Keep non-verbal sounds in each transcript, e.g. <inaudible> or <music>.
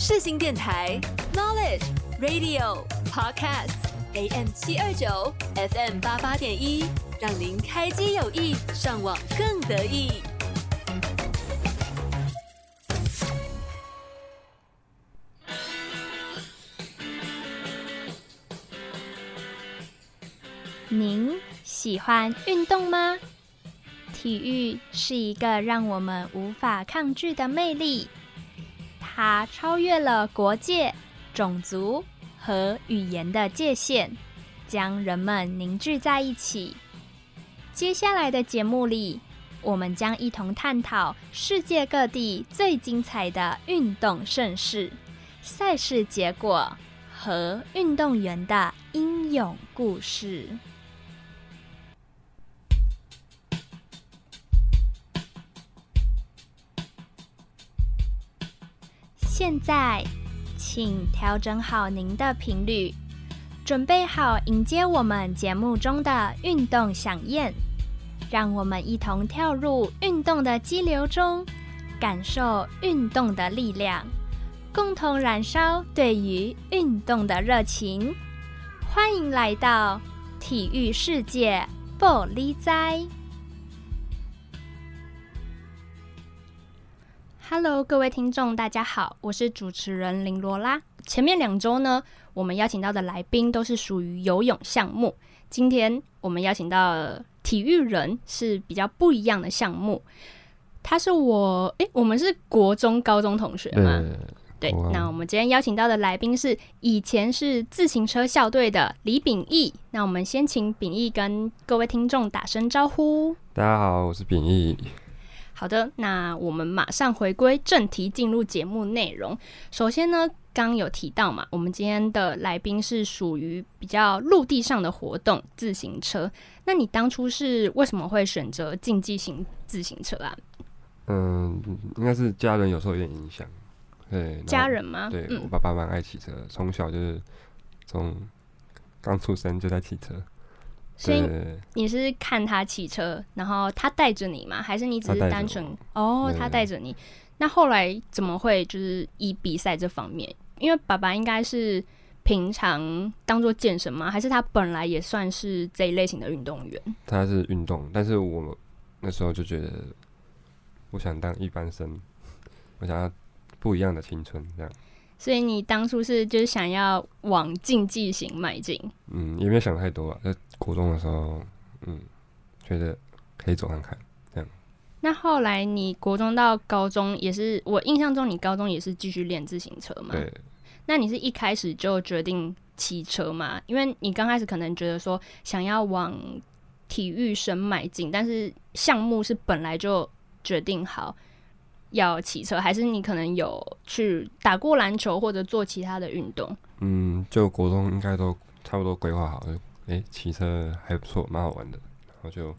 世新電臺 Knowledge Radio Podcast AM 七二九 FM 八八點一，讓您開機有益，上網更得意。您喜歡運動嗎？體育是一個讓我們無法抗拒的魅力。它超越了國界、種族和語言的界限，將人們凝聚在一起。接下來的節目裡，我們將一同探討世界各地最精彩的運動盛事、賽事結果和運動員的英勇故事。現在，請調整好您的頻率，準備好迎接我們節目中的運動饗宴，讓我們一同跳入運動的激流中，感受運動的力量，共同燃燒對於運動的熱情。歡迎來到體育世界，不離哉！Hello，各位聽眾，大家好，我是主持人林羅拉。前面兩週呢，我們邀請到的來賓都是屬於游泳項目。今天我們邀請到的體育人是比較不一樣的項目。他是我，誒、欸。我們是國中、高中同學嘛？欸、對。我那我們今天邀請到的來賓是以前是自行車校隊的李秉益。那我們先請秉益跟各位聽眾打聲招呼。大家好，我是秉益。好的，那我們馬上回歸正題，進入節目內容。首先呢，剛有提到嘛，我們今天的來賓是屬於比較陸地上的活動，自行車。那你當初是為什麼會選擇競技型自行車啊？嗯，應該是家人有時候有點影響，對，家人嗎？對，我爸爸蠻愛騎車，從、嗯、小就是從剛出生就在騎車。所以你是看他騎車，然後他帶着你嗎？還是你只是單純哦，他帶着、oh, 你？那後來怎麼會就是以比賽這方面？因為爸爸應該是平常當做健身嗎？還是他本來也算是這一類型的運動員？他是運動，但是我那時候就覺得，我想當一般生，我想要不一樣的青春這樣。所以你當初是就是想要往競技型邁進？嗯，也沒有想太多啊。國中的時候，嗯，覺得可以走看看這樣。那後來你國中到高中也是，我印象中你高中也是繼續練自行車嘛？對。那你是一開始就決定騎車嗎？因為你剛開始可能覺得說想要往體育生邁進，但是項目是本來就決定好要騎車，還是你可能有去打過籃球或者做其他的運動？嗯，就國中應該都差不多規劃好了。哎，騎車還不錯，蠻好玩的。然後就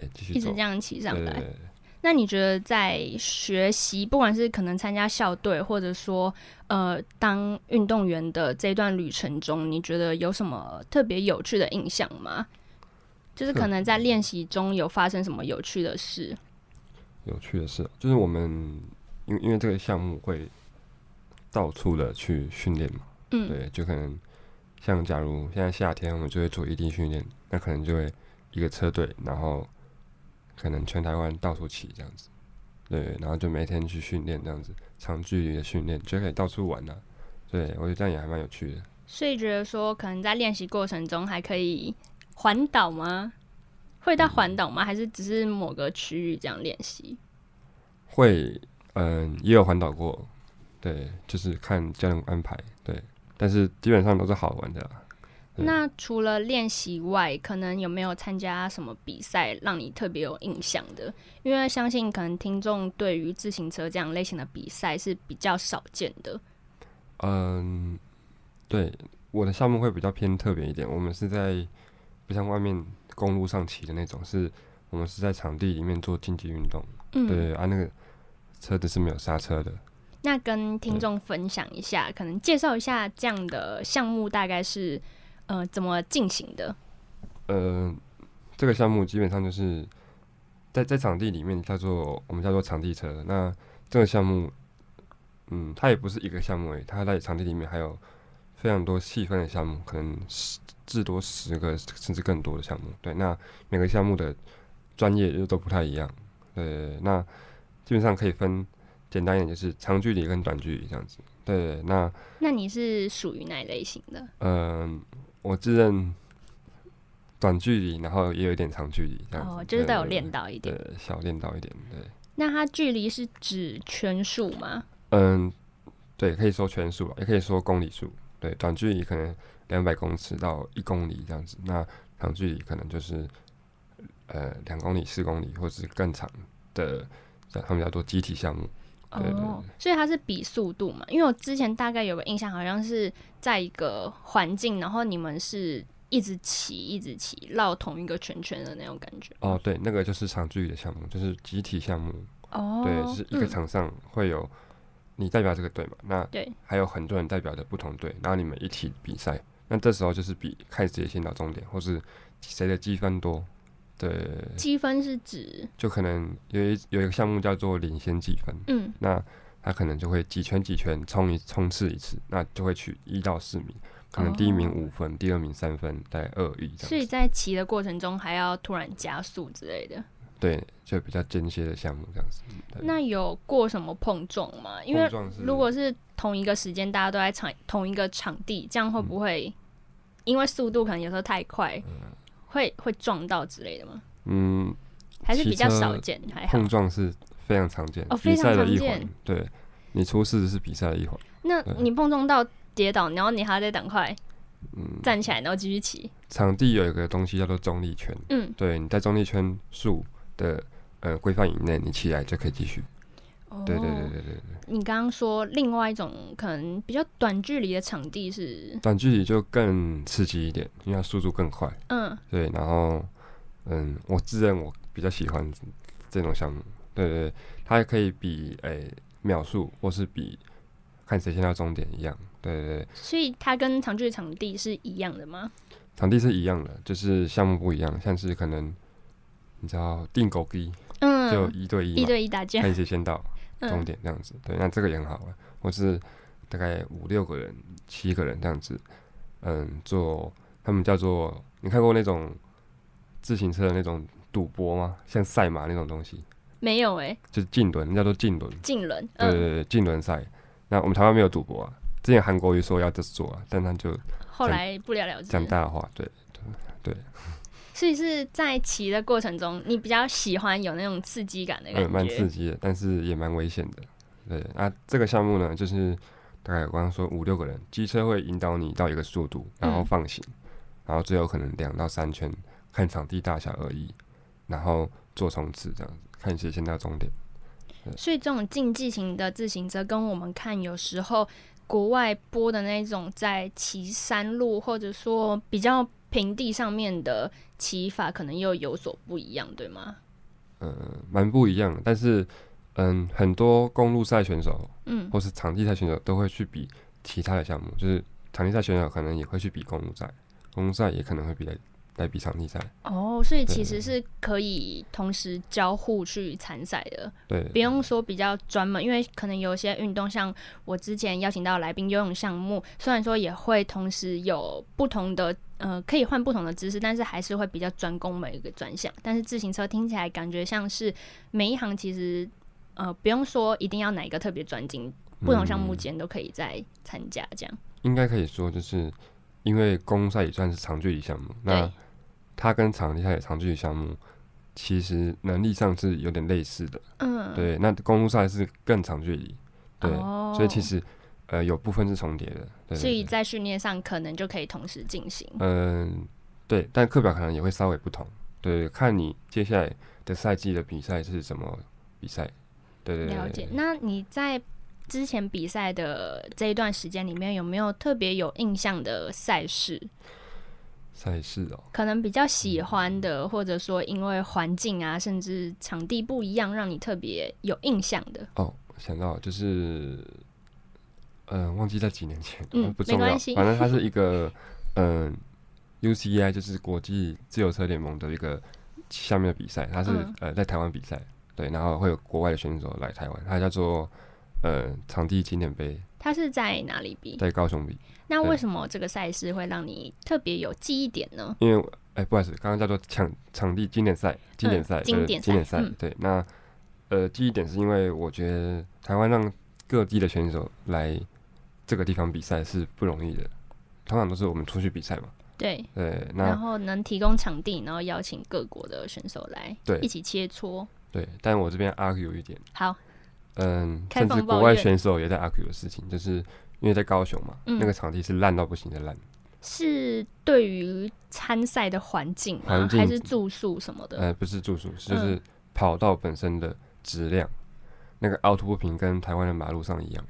哎，繼續一直這樣騎上來。對對對對。那你覺得在學習，不管是可能參加校隊，或者說呃當運動員的這段旅程中，你覺得有什麼特別有趣的印象嗎？就是可能在練習中有發生什麼有趣的事？有趣的事就是我們，因為因為這個項目會到處的去訓練嘛，嗯，對，就可能。像假如現在夏天，我們就會做移地訓練，那可能就會一個車隊，然後可能全台灣到處騎這樣子，對，然後就每天去訓練這樣子，長距離的訓練，就可以到處玩了，啊、對，我覺得這樣也還蠻有趣的。所以覺得說，可能在練習過程中還可以環島嗎？會到環島嗎？還是只是某個區域這樣練習、嗯？會，嗯，也有環島過，對，就是看教練安排，對。但是基本上都是好玩的。那除了練習外，可能有沒有參加什麼比賽讓你特別有印象的？因為相信可能聽眾對於自行車這樣類型的比賽是比較少見的。嗯，對，我的項目會比較偏特別一點。我們是在不像外面公路上騎的那種，是我們是在場地裡面做競技運動。嗯，對啊，那個車子是沒有剎車的。那跟聽眾分享一下，嗯、可能介紹一下這樣的項目大概是，呃，怎麼進行的？呃，這個項目基本上就是在在場地裡面叫做我們叫做場地車。那這個項目，嗯，它也不是一個項目誒，它在場地裡面還有非常多細分的項目，可能十至多十個甚至更多的項目。對，那每個項目的專業又都不太一樣。對，那基本上可以分。簡單一點就是長距離跟短距離這樣子。對，對，對，那那你是屬於哪類型的？嗯、呃，我自認短距離，然後也有一點長距離，這樣子，哦，就是都有練到一點，嗯、對小練到一點。對。那它距離是指圈數嗎？嗯、呃，對，可以說圈數，也可以說公里數。對，短距離可能兩百公尺到一公里這樣子，那長距離可能就是呃兩公里、四公里，或者是更長的，他們叫做集體項目。對、哦，所以它是比速度嘛？因為我之前大概有個印象，好像是在一個環境，然後你們是一直騎，一直騎，繞同一個圈圈的那種感覺。哦，對，那個就是長距離的項目，就是集體項目。哦，對，就是一個場上會有你代表這個隊嘛？嗯、那對，還有很多人代表的不同隊，然後你們一起比賽。那這時候就是比看誰先到終點，或是誰的積分多。對，積分是指，就可能有一有一個項目叫做領先積分，嗯，那他可能就會幾圈幾圈衝一衝刺一次，那就會取一到四名，可能第一名五分，哦、第二名三分，大概二一這樣子，所以在騎的過程中還要突然加速之類的，對，就比較間歇的項目這樣子。那有過什麼碰撞嗎？因為如果是同一個時間，大家都在場同一個場地，這樣會不會、嗯、因為速度可能有時候太快？嗯會會撞到之類的嗎？嗯，還是比較少見。還好，碰撞是非常常見，哦，非常常見。對，你出事是比賽的一環。那你碰撞到跌倒，然後你還要再趕快，嗯，站起來然後繼續騎，嗯。場地有一個東西叫做中立圈，嗯，對，你在中立圈數的呃規範以內，你起來就可以繼續。對對對對對對、哦，你剛剛說另外一種可能比較短距離的場地是短距離就更刺激一點，因為它速度更快。嗯，對，然後嗯，我自認我比較喜歡這種項目，對對，對，它也可以比誒、欸、秒數或是比看誰先到終點一樣，對對，對。所以它跟長距離場地是一樣的嗎？場地是一樣的，就是項目不一樣，像是可能你知道釘孤枝，1 1嗯，就一對一一對一打架看誰先到。 <laughs> 終點這樣子，嗯、對，那這個也很好啊。我是大概五六個人、七個人這樣子，嗯，做他們叫做你看過那種自行車的那種賭博嗎？像賽馬那種東西？沒有哎、欸，就是競輪，叫做競輪，競輪輪，對對對，競輪賽。那我們台灣沒有賭博啊。之前韓國瑜說要這次做啊，但他就後來不了了之。講大話，對對對。對所以是在騎的過程中，你比較喜歡有那種刺激感的感覺。嗯、蠻刺激的，但是也蠻危險的。對，那、啊、這個項目呢，就是大概我剛剛說五六個人，機車會引導你到一個速度，然後放行，嗯、然後最後可能兩到三圈，看場地大小而已，然後做衝刺這樣子，看誰先到終點。所以這種競技型的自行車，跟我們看有時候國外播的那種在騎山路，或者說比較。平地上面的騎法可能又有所不一樣，對嗎？嗯，蠻不一樣的。但是，嗯，很多公路賽選手，嗯，或是場地賽選手，都會去比其他的項目。就是場地賽選手可能也會去比公路賽，公路賽也可能會比。在比場地賽哦，所以其實是可以同時交互去參賽的，對，對不用說比較專門，因為可能有些運動像我之前邀請到來賓游泳項目，雖然說也會同時有不同的呃，可以換不同的姿勢，但是還是會比較專攻每一個專項。但是自行車聽起來感覺像是每一行其實呃不用說一定要哪一個特別專精，不同項目間都可以再參加這樣。嗯，應該可以說就是因為公路賽也算是長距離項目，那。它跟場地賽、長距離項目，其實能力上是有點類似的。嗯，對，那公路賽是更長距離，對，哦、所以其實，呃，有部分是重疊的。對，對，對。所以在訓練上可能就可以同時進行。嗯，對，但課表可能也會稍微不同。對，看你接下來的賽季的比賽是什麼比賽。對對，對，對，對。了解。那你在之前比賽的這一段時間裡面，有沒有特別有印象的賽事？賽事哦、喔，可能比較喜歡的，嗯、或者說因為環境啊，甚至場地不一樣，讓你特別有印象的哦。想到就是，嗯、呃，忘記在幾年前，嗯、呃，不重要，沒關係，反正它是一個，嗯、呃、，UCI 就是國際自由車聯盟的一個下面的比賽，它是、嗯、呃在台灣比賽，對，然後會有國外的選手來台灣，它叫做呃場地經典盃。他是在哪裡比？在高雄比。那為什麼這個賽事會讓你特別有記憶點呢？因為，哎、欸，不好意思，剛剛叫做場場地經典賽、經典賽、嗯、經典賽。對，那呃，記憶點是因為我覺得台灣讓各地的選手來這個地方比賽是不容易的，通常都是我們出去比賽嘛。對對，對那然後能提供場地，然後邀請各國的選手來，對，一起切磋對。對，但我這邊 argue 有一點好。嗯，甚至國外選手也在阿 Q 的事情，就是因為在高雄嘛，嗯、那個場地是爛到不行的爛。是對於參賽的環境，境，還是住宿什麼的？呃，不是住宿，嗯、是就是跑道本身的質量，嗯、那個凹凸不平，跟台灣的馬路上一樣。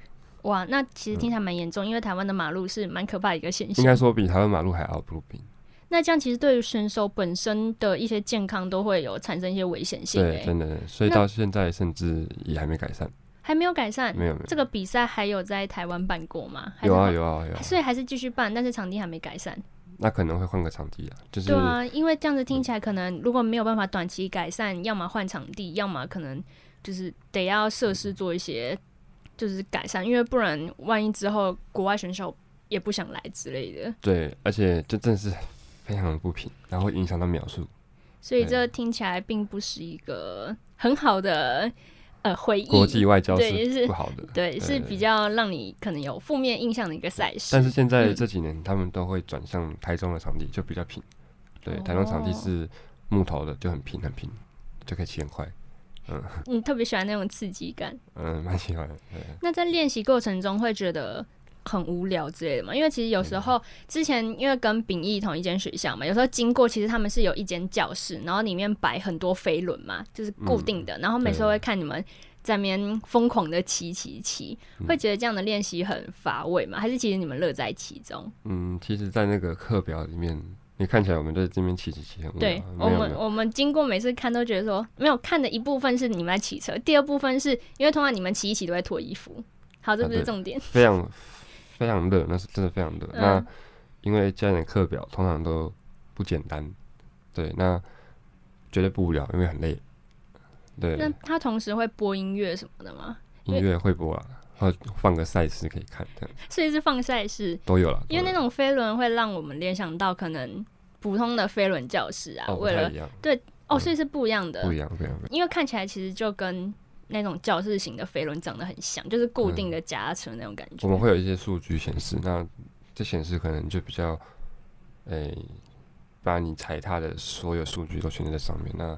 哇，那其實聽起來蠻嚴重，嗯、因為台灣的馬路是蠻可怕的一個現象，應該說比台灣馬路還凹凸不平。那這樣其實對於選手本身的一些健康都會有產生一些危險性欸。對，真的，所以到現在甚至也還沒改善，還沒有改善。沒有沒有，這個比賽還有在台灣辦過嗎？有啊，還有，有啊有啊。有啊。所以還是繼續辦，但是場地還沒改善。那可能會換個場地啊。就是，對啊，因為這樣子聽起來，可能如果沒有辦法短期改善，嗯、要麼換場地，要麼可能就是得要設施做一些就是改善，嗯、因為不然萬一之後國外選手也不想來之類的。對，而且這真的是。非常的不平，然後會影響到秒數，所以這聽起來並不是一個很好的呃回憶。國際外交對，是不好的，對，就是、對對是比較讓你可能有負面印象的一個賽事。但是現在這幾年他們都會轉向台中的場地，嗯、就比較平。對，台中場地是木頭的，就很平，很平，就可以騎很快。嗯，你、嗯、特別喜歡那種刺激感？嗯，蠻喜歡的。對，那在練習過程中會覺得？很無聊之類的嘛，因為其實有時候、嗯、之前因為跟秉益同一間學校嘛，有時候經過其實他們是有一間教室，然後裡面擺很多飛輪嘛，就是固定的，嗯、然後每次會看你們在那邊瘋狂的騎騎騎，嗯、會覺得這樣的練習很乏味嘛，還是其實你們樂在其中？嗯，其實，在那個課表裡面，你看起來我們在這邊騎騎騎對，有我們有我們經過每次看都覺得說，沒有看的一部分是你們在騎車，第二部分是因為通常你們騎一騎都會脫衣服，好，啊、這是不是重點？非常。非常熱，那是真的非常熱。嗯、那因為教練課表通常都不簡單，對，那絕對不無聊，因為很累。對。那他同時會播音樂什麼的嗎？音樂會播啊，或放以個賽事可以看這樣。所以是放賽事都。都有了。因為那種飛輪會讓我們聯想到可能普通的飛輪教室啊，哦、一樣為了對哦，嗯、所以是不一樣的，不一樣，非常不一樣，因為看起來其實就跟。那種教室型的飛輪長得很像，就是固定的夾層那種感覺，嗯。我們會有一些數據顯示，那這顯示可能就比較，誒、欸，把你踩踏的所有數據都顯示在上面。那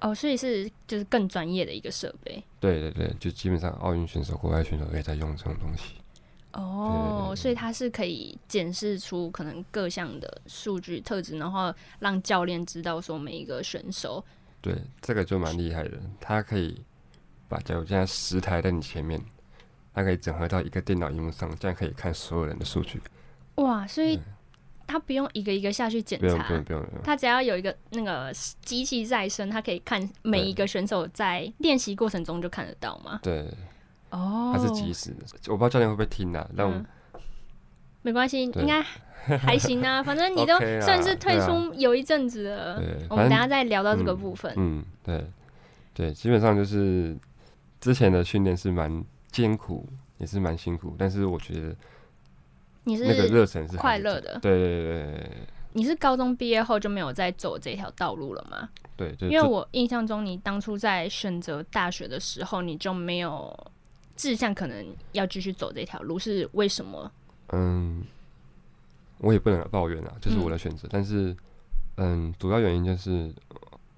哦，所以是就是更專業的一個設備。對對對，就基本上奧運選手、國外選手也在用這種東西。哦，對對對，所以它是可以檢視出可能各項的數據特質，然後讓教練知道說每一個選手。對，這個就蠻厲害的，它可以。把，假如現在十台在你前面，它可以整合到一個電腦熒幕上，這樣可以看所有人的數據。哇，所以對他不用一個一個下去檢查，不用，不用不用不用。他只要有一個那個機器在身，他可以看每一個選手在練習過程中就看得到嗎？對，哦、oh，他是即時的。我不知道教練會不會聽啊，那種、嗯、沒關係，對應該還行啊。反正你都算是退出有一陣子了，我們等下再聊到這個部分。嗯，嗯，對對，基本上就是。之前的訓練是蠻艱苦，也是蠻辛苦，但是我覺得那個熱忱是，是快樂的。對對對對對。你是高中畢業後就沒有再走這條道路了嗎？對對。因為我印象中，你當初在選擇大學的時候，你就沒有志向，可能要繼續走這條路，是為什麼？嗯，我也不能抱怨啊，這、就是我的選擇。嗯、但是，嗯，主要原因就是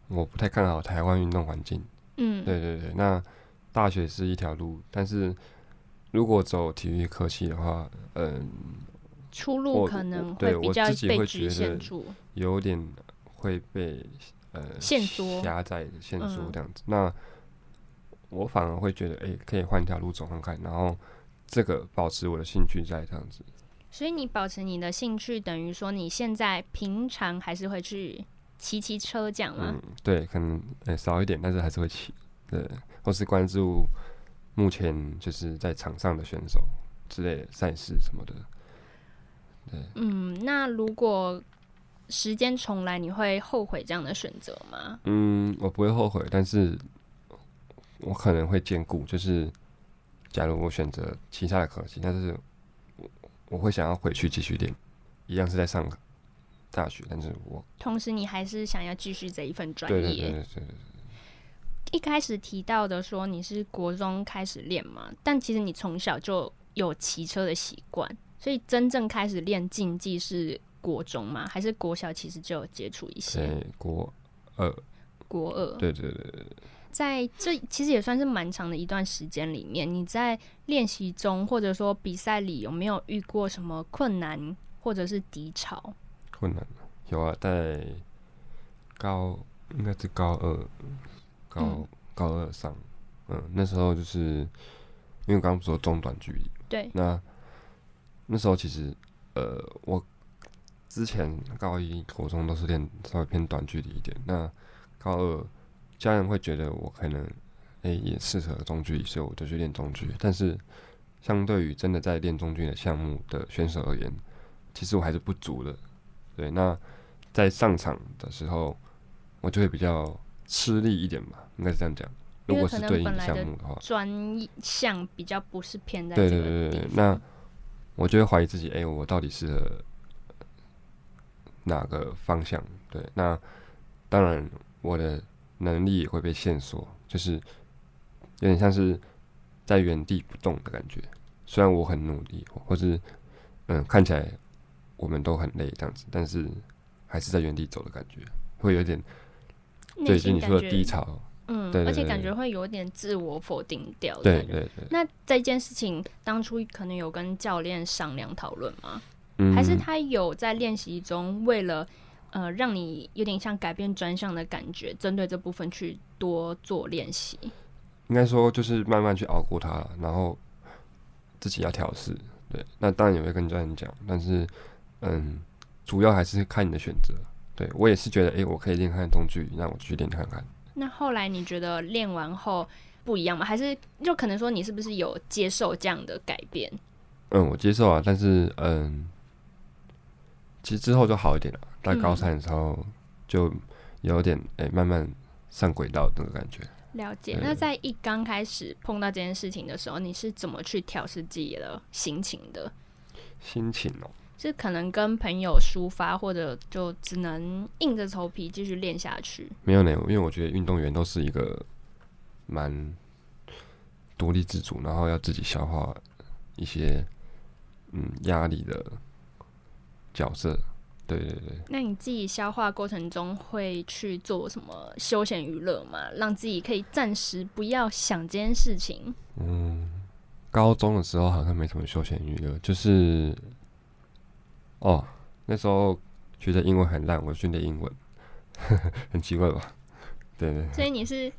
我不太看好台灣運動環境。嗯，對對對。那大學是一條路，但是如果走體育科系的話，嗯，出路我可能會比較被局限，有點會被呃，限縮、狹窄、限縮這樣子。嗯、那我反而會覺得，哎、欸，可以換條路走看看，然後這個保持我的興趣在這樣子。所以你保持你的興趣，等於說你現在平常還是會去騎騎車、啊，講嗎、嗯？對，可能、欸、少一點，但是還是會騎。對，或是關注目前就是在場上的選手之類的賽事什麼的。對。嗯，那如果時間重來，你會後悔這樣的選擇嗎？嗯，我不會後悔，但是我可能會兼顧。就是，假如我選擇其他的科系，但是我，我會想要回去繼續練，一樣是在上大學，但是我同時你還是想要繼續這一份專業。對對對對對。一開始提到的說，你是國中開始練嘛？但其實你從小就有騎車的習慣，所以真正開始練競技是國中嗎？還是國小其實就有接觸一些、欸？國二，國二，對對對對。在這其實也算是蠻長的一段時間裡面，你在練習中或者說比賽裡有沒有遇過什麼困難或者是低潮？困難啊，有啊，在高，應該是高二。高高二上，嗯，嗯，那時候就是因為我剛剛不是說中短距離，對，那那時候其實呃，我之前高一、國中都是練稍微偏短距離一點。那高二，家人會覺得我可能哎、欸、也適合中距離，所以我就去練中距。但是相對於真的在練中距的項目的選手而言，其實我還是不足的。對，那在上場的時候，我就會比較。吃力一點吧，應該是這樣講。如果是對應項目的話，專項比較不是偏在。對對對對對，那，我就會懷疑自己，哎、欸，我到底適合哪個方向？對，那當然，我的能力也會被限縮，就是有點像是在原地不動的感覺。雖然我很努力，或是嗯，看起來我們都很累這樣子，但是還是在原地走的感覺，會有點。最是你說低潮，嗯，對對對對。而且感覺會有點自我否定掉。對對對。對對對。那這件事情當初可能有跟教練商量討論嗎？嗯，還是他有在練習中為了呃讓你有點像改變專項的感覺，針對這部分去多做練習？應該說就是慢慢去熬過它，然後自己要調適。對，那當然也會跟教練講，但是嗯，主要還是看你的選擇。對，我也是覺得，哎、欸，我可以練看工劇。那我去練看看。那後來你覺得練完後不一樣嗎？還是就可能說你是不是有接受這樣的改變？嗯，我接受啊，但是嗯，其實之後就好一點了。在高三的時候就有點，哎、嗯欸，慢慢上軌道那個感覺。了解。嗯、那在一剛開始碰到這件事情的時候，嗯、你是怎麼去調適自己的心情的？心情哦。就可能跟朋友抒發，或者就只能硬着頭皮繼續練下去。沒有呢，因為我覺得運動員都是一個蠻獨立自主，然後要自己消化一些嗯壓力的角色。對對對。那你自己消化過程中會去做什麼休閒娛樂嗎？讓自己可以暫時不要想這件事情。嗯，高中的時候好像沒什麼休閒娛樂，就是。哦，那時候覺得英文很爛，我訓練英文呵呵，很奇怪吧？對對，對。所以你是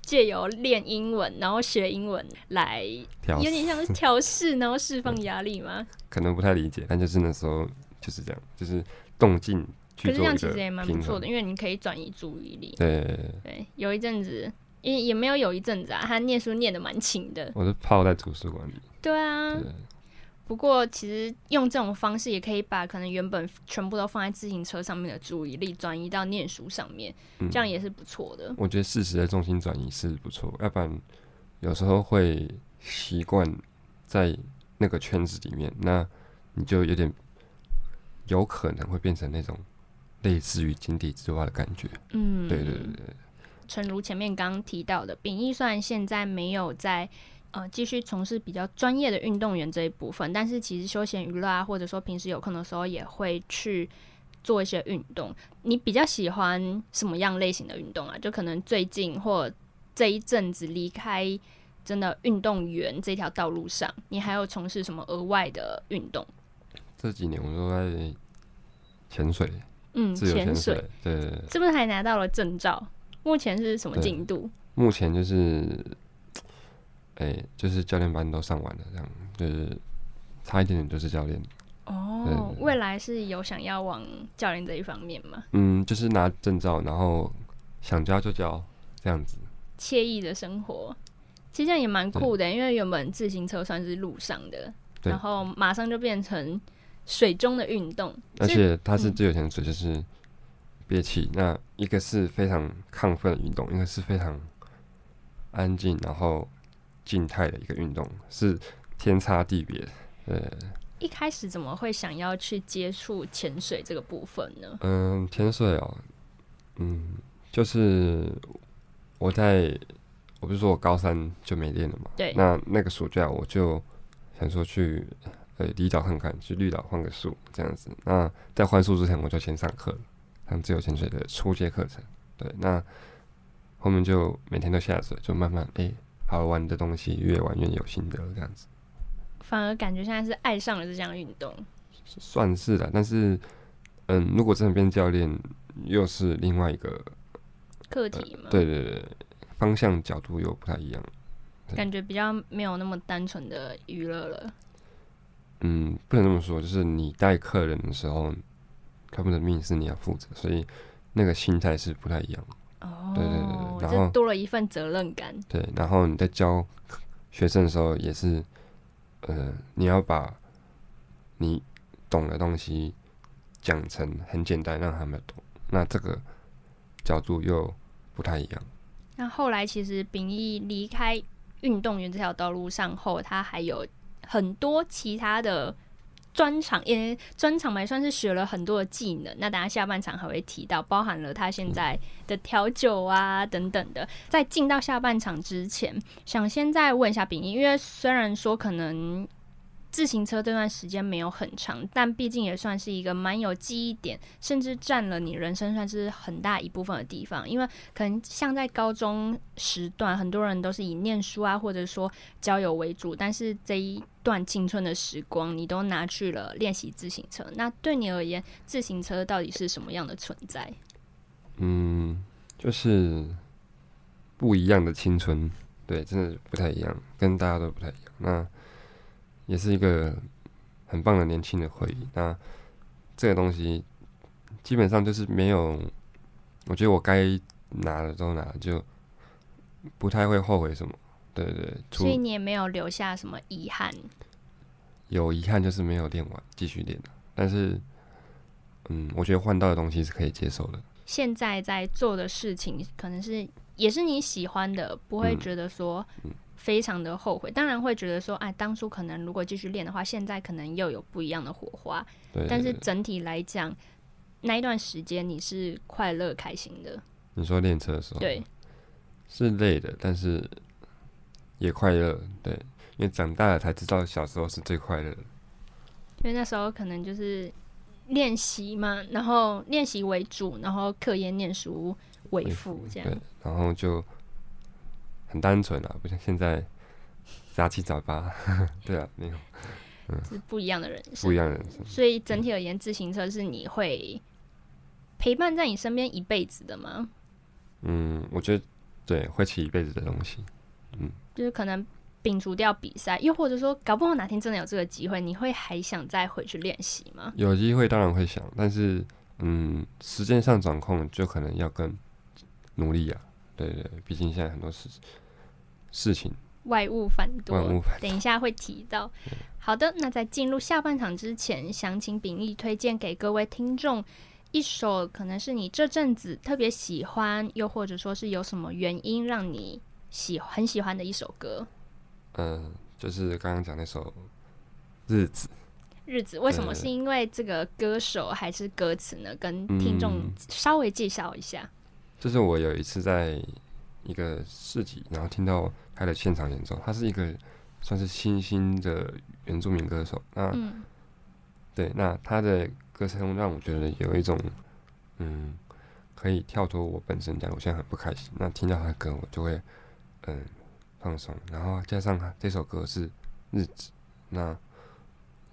借由練英文，然後學英文來，有點像是調試， <laughs> 然後釋放壓力嗎？可能不太理解，但就是那時候就是這樣，就是動靜去做一個平衡，可是這樣其實也蠻不錯的，因為你可以轉移注意力。對對，對，對，對，有一陣子也也沒有有一陣子啊，他念書念得蠻勤的。我是泡在圖書館裡。對啊。對不過，其實用這種方式也可以把可能原本全部都放在自行車上面的注意力轉移到念書上面，嗯、這樣也是不錯的。我覺得適時的重心轉移是不錯，要不然有時候會習慣在那個圈子裡面，那你就有點有可能會變成那種類似於井底之蛙的感覺。嗯，對對對對。誠如前面剛剛提到的，秉益雖然現在沒有在。呃，繼續從事比較專業的運動員這一部分，但是其實休閒娛樂啊，或者說平時有空的時候也會去做一些運動。你比較喜歡什麼樣類型的運動啊？就可能最近或這一陣子離開真的運動員這條道路上，你還有從事什麼額外的運動？這幾年我都在潛水，嗯，潛水，自由潛水，對，是不是還拿到了證照？目前是什麼進度？目前就是。哎、欸，就是教練班都上完了，這樣就是差一點點就是教練。哦、oh，未來是有想要往教練這一方面嗎？嗯，就是拿證照，然後想教就教，這樣子。愜意的生活，其實這樣也蠻酷的，對因為原本自行車算是路上的，對然後馬上就變成水中的運動。而且它是自由潛水就是憋氣，嗯、那一個是非常亢奮的運動，一個是非常安靜，然後。靜態的一個運動是天差地別，呃，一開始怎麼會想要去接觸潛水這個部分呢？嗯，潛水哦，嗯，就是我在，我不是說我高三就沒練了嘛。對。那那個暑假我就想說去，呃，離島看看，去綠島換個宿這樣子。那在換宿之前，我就先上課，上自由潛水的初階課程。對。那後面就每天都下水，就慢慢誒。欸好玩的東西越玩越有心得，這樣子，反而感覺現在是愛上了這項運動，算是啦，但是，嗯，如果真的變教練又是另外一個課題嘛，對對對，方向角度又不太一樣，感覺比較沒有那麼單純的娛樂了。嗯，不能這麼說，就是你帶客人的時候，他們的命是你要負責，所以那個心態是不太一樣的。哦，對對對，哦、然後多了一份責任感。對，然後你在教學生的時候，也是，呃，你要把你懂的東西講成很簡單，讓他們懂。那這個角度又不太一樣。那後來其實秉益離開運動員這條道路上後，他還有很多其他的。專場，因為專場嘛，也算是學了很多的技能。那大家下，下半場還會提到，包含了他現在的調酒啊等等的。在進到下半場之前，想先再問一下秉益，因為雖然說可能。自行車這段時間沒有很長，但畢竟也算是一個蠻有記憶點，甚至佔了你人生算是很大一部分的地方。因為可能像在高中時段，很多人都是以唸書啊，或者說交友為主，但是這一段青春的時光，你都拿去了練習自行車。那對你而言，自行車到底是什麼樣的存在？嗯，就是不一樣的青春，對，真的不太一樣，跟大家都不太一樣。那也是一個很棒的年輕的回憶。那這個東西基本上就是沒有，我覺得我該拿的都拿，就不太會後悔什麼。對對，對，所以你也沒有留下什麼遺憾？有遺憾就是沒有練完，繼續練了，但是，嗯，我覺得換到的東西是可以接受的。現在在做的事情，可能是也是你喜歡的，不會覺得說、嗯。嗯非常的後悔，當然會覺得說，哎、啊，當初可能如果繼續練的話，現在可能又有不一樣的火花。對但是整體來講，那一段時間你是快樂開心的。你說練車的時候？對。是累的，但是也快樂，對，因為長大了才知道小時候是最快樂的。因為那時候可能就是練習嘛，然後練習為主，然後課業念書為輔，這樣。對。然後就。很單純啊，不像現在雜七雜八。呵呵對啊，那種、嗯、是不一樣的人生，不一樣的人生。所以整體而言，自行車是你會陪伴在你身邊一輩子的嗎？嗯，我覺得對，會騎一輩子的東西。嗯，就是可能摒除掉比賽，又或者說，搞不好哪天真的有這個機會，你會還想再回去練習嗎？有機會當然會想，但是嗯，時間上掌控就可能要更努力呀、啊。對，對對，畢竟現在很多事事情，外物繁多，物反等一下會提到。對好的，那在進入下半場之前，想請秉益推薦給各位聽眾一首可能是你這陣子特別喜歡，又或者說是有什麼原因讓你喜很喜歡的一首歌。嗯，就是剛剛講那首《日子》。日子為什麼對？是因為這個歌手還是歌詞呢？跟聽眾稍微介紹一下。嗯這是我有一次在一個市集，然後聽到他的現場演奏。他是一個算是新興的原住民歌手。那，嗯、對，那他的歌聲讓我覺得有一種，嗯，可以跳脫我本身講我現在很不開心。那聽到他的歌，我就會，嗯，放鬆。然後加上這首歌是日子，那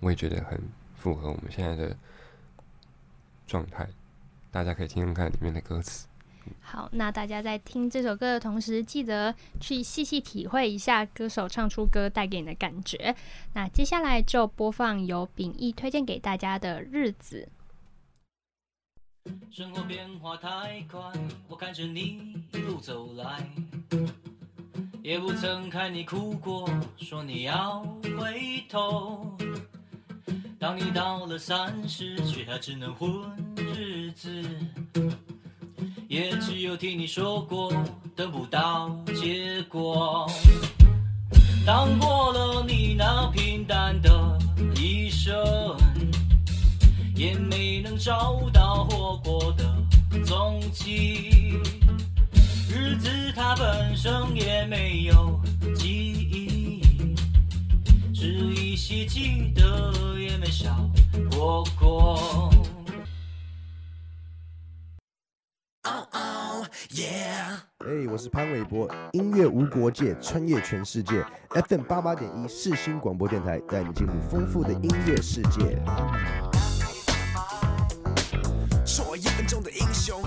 我也覺得很符合我們現在的狀態。大家可以聽聽看看裡面的歌詞。好，那大家在聽這首歌的同時，記得去細細體會一下歌手唱出歌帶給你的感覺。那接下來就播放由秉益推薦給大家的日子。生活變化太快，我看着你一路走來，也不曾看你哭過，說你要回頭，當你到了三十卻還只能混日子也只有聽你說過，得不到結果。當過了你那平淡的一生，也沒能找到活過的蹤跡。日子它本身也沒有記憶，只有依稀記得也沒少活過、過。耶！哎，hey, 我是潘瑋柏，音樂無國界，穿越全世界。FM 八八點一世新廣播電台，帶你進入豐富的音樂世界。我一分鐘的英雄。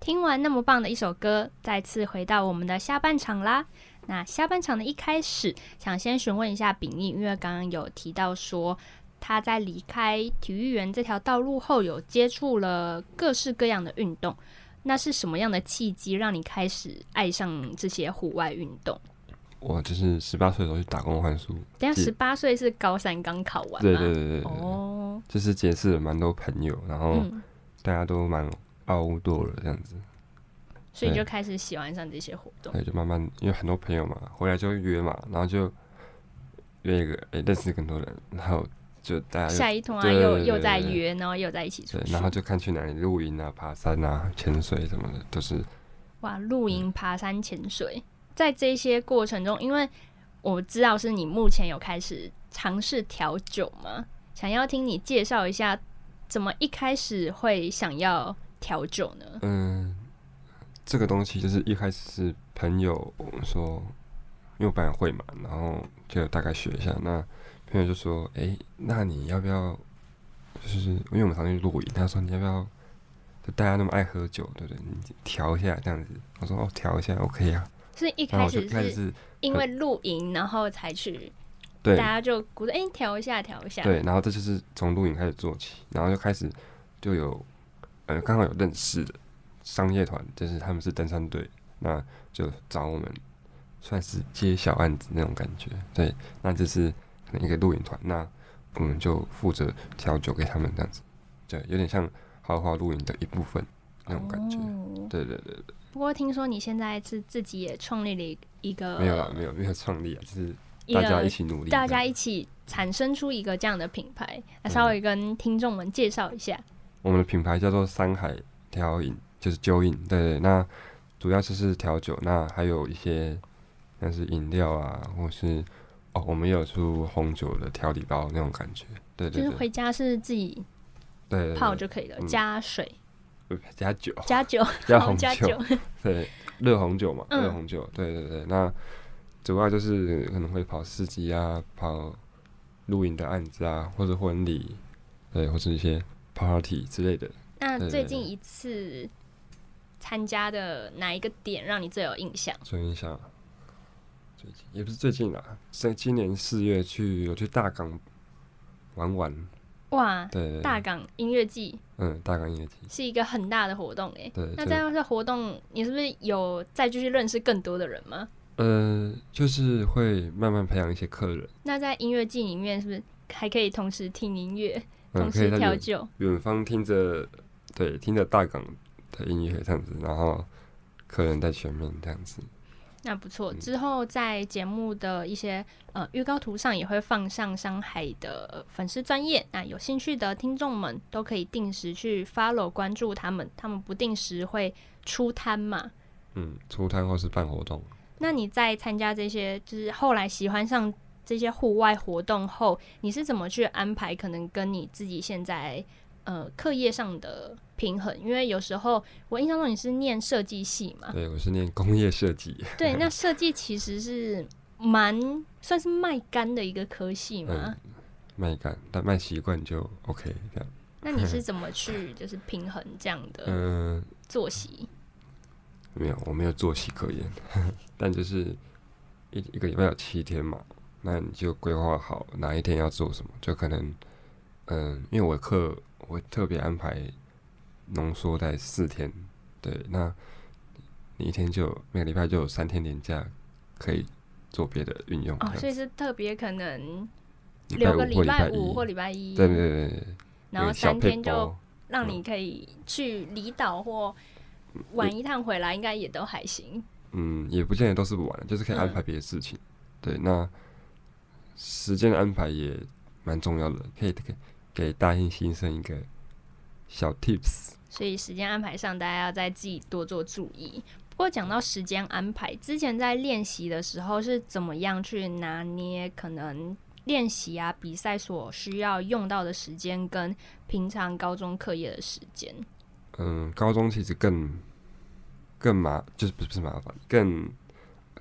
聽完那麼棒的一首歌，再次回到我們的下半場啦。那下半場的一開始，想先詢問一下秉益，因為剛剛有提到說，他在離開體育園這條道路後，有接觸了各式各樣的運動。那是什麼樣的契機，讓你開始愛上這些戶外運動？哇，就是十八歲的時候去打工換宿。等下十八歲是高三剛考完，對對對對哦，就是結識了蠻多朋友，然後大家都蠻 outdoor 的這樣子，嗯、對所以就開始喜歡上這些活動。對，就慢慢因為很多朋友嘛，回來就約嘛，然後就約一個，誒、欸，認識更多人，然後。就大家就下一通啊，對對對對對，又又再約，對對對對，然後又在一起出去，然後就看去哪裡露營啊、爬山啊、潛水什麼的，都、就是哇！露營、爬山、潛水，嗯、在這些過程中，因為我知道是你目前有開始嘗試調酒嘛，想要聽你介紹一下，怎麼一開始會想要調酒呢？嗯，這個東西就是一開始是朋友說因為我本來會嘛，然後就大概學一下那。朋友就說：“誒，那你要不要？就是因為我們常去露營，他說你要不要？就大家那麼愛喝酒，對不對？你調一下這樣子。”我說：“哦，調一下，OK 啊。”所以一開始是因為露營，呵然後才去，對大家就鼓着：“誒，調一下，調一下。”對，然後這就是從露營開始做起，然後就開始就有，呃，剛好有認識的商業團，就是他們是登山隊，那就找我們，算是接小案子那種感覺。對，那就是。一個露營團，那我們就負責調酒給他們，這樣子，對，有點像豪華露營的一部分那種感覺，哦、對對對。對不過聽說你現在是自己也創立了一個，沒有沒有沒有創立啊，就是大家一起努力，大家一起產生出一個這樣的品牌，那稍微跟聽眾們介紹一下、嗯。我們的品牌叫做山海調飲，就是酒飲，對，那主要就是是調酒，那還有一些像是飲料啊，或是。哦，我們也有出紅酒的調理包那種感覺，對對，對，對，就是回家是自己對泡就可以了，對對對，加水、嗯呃，加酒，加酒，加紅酒，酒對，熱紅酒嘛，熱、嗯、紅酒，對對對。那主要就是可能會跑市集啊，跑露營的案子啊，或者婚禮，對，或者一些 party 之類的。那最近一次參加的哪一個點讓你最有印象？最有印象。也不是最近啦、啊，在今年四月去有去大港玩玩哇，對，大港音樂祭，嗯，大港音樂祭是一個很大的活動哎，對，那這樣的活動你是不是有再繼續認識更多的人嗎？呃，就是會慢慢培養一些客人。那在音樂祭裡面是不是還可以同時聽音樂，同時調酒？遠就方聽着，對，聽着大港的音樂這樣子，然後客人在前面這樣子。 <laughs> 那不錯，之後在節目的一些、嗯、呃，預告圖上也會放上上海的粉絲專頁，那有興趣的聽眾們都可以定時去 follow 關注他們，他們不定時會出攤嘛，嗯，出攤或是辦活動。那你在參加這些，就是後來喜歡上這些戶外活動後，你是怎麼去安排？可能跟你自己現在。呃，課業上的平衡，因為有時候我印象中你是念設計系嘛？對，我是念工業設計。對，那設計其實是蠻 <laughs> 算是賣乾的一個科系嘛，嗯、賣乾，但賣習慣就 OK 這樣。那你是怎麼去就是平衡這樣的？嗯，作息沒有，我沒有作息可言，但就是一一個禮拜有七天嘛，嗯、那你就規劃好哪一天要做什麼，就可能嗯、呃，因為我的課。我特別安排濃縮在四天，對，那你一天就每個禮拜就有三天年假，可以做別的運用。哦，所以是特別可能留個禮拜五或禮拜、拜一。對對對，對然後三天就讓你可以去離島或玩一趟回來，應該也都還行嗯。嗯，也不見得都是不玩，就是可以安排別的事情。嗯、對，那時間的安排也蠻重要的，可以可以。給大一新生一個小 tips，所以時間安排上，大家要再自己多做注意。不過講到時間安排，之前在練習的時候是怎麼樣去拿捏？可能練習啊，比賽所需要用到的時間，跟平常高中課業的時間。嗯，高中其實更更麻，就是不是不是麻煩，更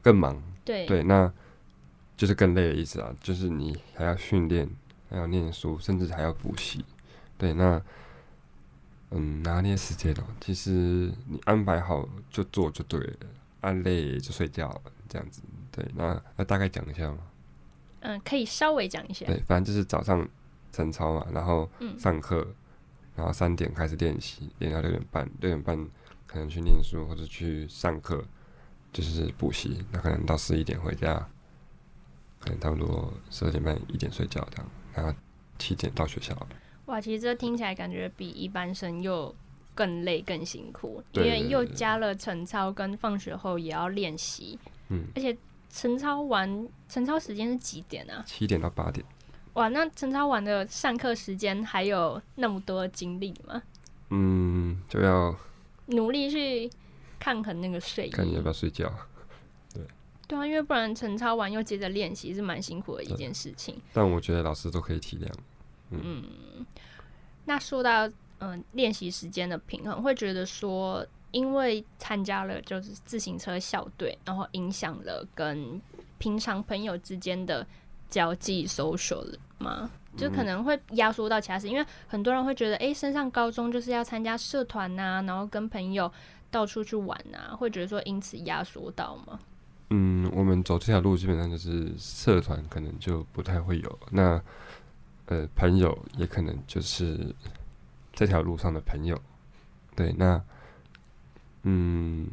更忙。對對，那就是更累的意思啊，就是你還要訓練。還要念書，甚至還要補習。對，那嗯，拿捏時間呢、喔？其實你安排好就做就對了，安、啊、累就睡覺，這樣子。對，那那大概講一下嘛。嗯，可以稍微講一下。對，反正就是早上晨操嘛，然後上課，嗯、然後三點開始練習，練到六點半。六點半可能去念書或者去上課，就是補習。那可能到十一點回家，可能差不多十二點半一點睡覺這樣。然後七點到學校。哇，其實這聽起來感覺比一般生又更累，更辛苦，對對對對，因為又加了晨操，跟放學後也要練習。嗯，而且晨操完，晨操時間是幾點啊？七點到八點。哇，那晨操完的上課時間還有那麼多精力嗎？嗯，就要努力去抗衡那個睡意，看你要不要睡覺。對、啊，因為不然晨操完又接着練習是蠻辛苦的一件事情。但我覺得老師都可以體諒。嗯，嗯，那說到嗯、呃、練習時間的平衡，會覺得說因為參加了就是自行車校隊，然後影響了跟平常朋友之間的交際 social 嗎？就可能會壓縮到其他事，嗯、因為很多人會覺得哎，升上高中就是要參加社團吶、啊，然後跟朋友到處去玩吶、啊，會覺得說因此壓縮到嗎？嗯，我們走這條路，基本上就是社團，可能就不太會有。那呃，朋友也可能就是這條路上的朋友。對，那嗯，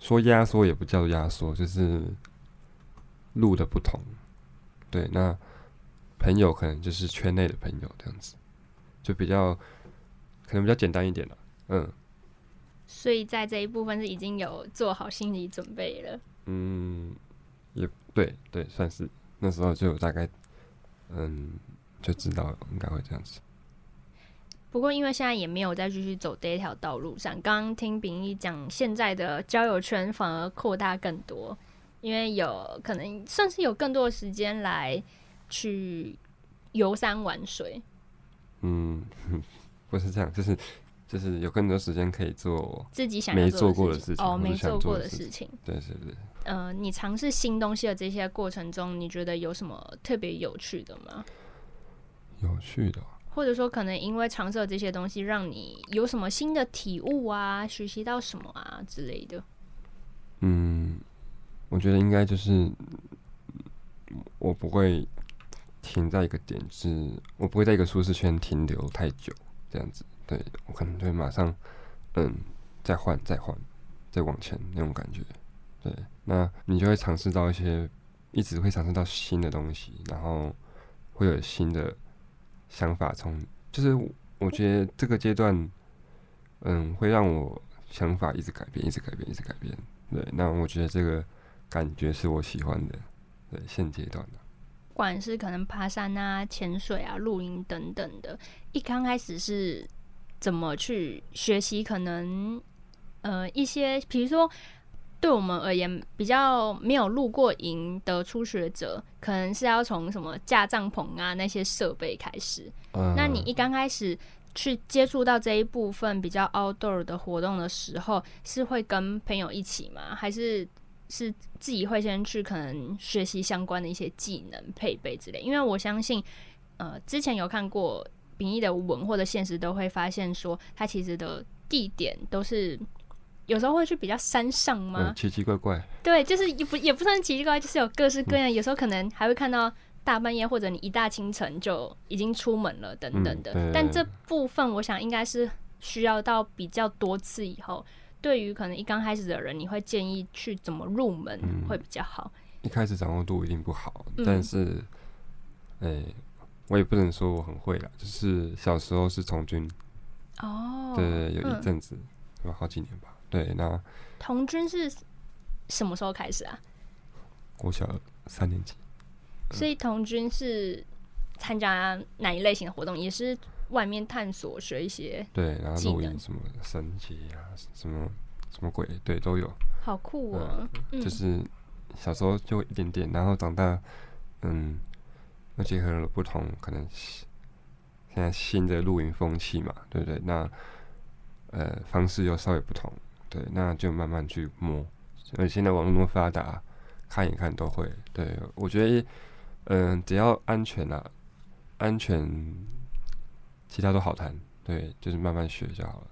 說壓縮也不叫壓縮，就是路的不同。對，那朋友可能就是圈內的朋友這樣子，就比較可能比較簡單一點了。嗯，所以在這一部分是已經有做好心理準備了。嗯，也對對，算是那時候就有大概，嗯，就知道應該會這樣子。不過因為現在也沒有再繼續走第一條道路上，剛剛聽秉益講，現在的交友圈反而擴大更多，因為有可能算是有更多的時間來去遊山玩水。嗯，不是這樣，就是就是有更多時間可以做自己想要做的事情，沒做過的事情，哦，想做，沒做過的事情，對，是不是？呃，你嘗試新東西的這些過程中，你覺得有什麼特別有趣的嗎？有趣的、啊，或者說，可能因為嘗試了這些東西，讓你有什麼新的體悟啊，學習到什麼啊之類的？嗯，我覺得應該就是，我不會停在一個點是，是我不會在一個舒適圈停留太久，這樣子，對我可能就會馬上，嗯，再換，再換，再往前那種感覺。對，那你就會嘗試到一些，一直會嘗試到新的東西，然後會有新的想法。從就是，我覺得這個階段，嗯，會讓我想法一直改變，一直改變，一直改變。對，那我覺得這個感覺是我喜歡的。對，現階段的啊，不管是可能爬山啊、潛水啊、露營等等的，一剛開始是怎麼去學習？可能呃，一些比如說。對我們而言，比較沒有露過營的初學者，可能是要從什麼架帳篷啊那些設備開始。嗯、uh，那你一剛開始去接觸到這一部分比較 outdoor 的活動的時候，是會跟朋友一起嗎？還是是自己會先去可能學習相關的一些技能、配備之類？因為我相信，呃，之前有看過秉益的文或者現實，都會發現說，它其實的地點都是。有時候會去比較山上嗎？嗯、奇奇怪怪。對，就是也不也不算奇奇怪怪，就是有各式各樣。嗯、有時候可能還會看到大半夜，或者你一大清晨就已經出門了等等的。嗯、對對對，但這部分，我想應該是需要到比較多次以後。對於可能一剛開始的人，你會建議去怎麼入門會比較好？嗯、一開始掌握度一定不好，嗯、但是，哎、欸，我也不能說我很會啦。就是小時候是從軍哦，對，有一陣子、嗯、有好幾年吧。對，那童軍是什麼時候開始啊？我小三年級，嗯，所以童軍是參加哪一類型的活動？也是外面探索學一些對，然後露營什麼升級啊，什麼什麼鬼，對，都有。好酷哦，啊！嗯嗯，就是小時候就一點點，然後長大，嗯，又結合了不同，可能現在新的露營風氣嘛，對不對？那呃，方式又稍微不同。對，那就慢慢去摸，而現在網絡那麼發達，看一看都會。對我覺得，嗯、呃，只要安全啊，安全，其他都好談。對，就是慢慢學就好了。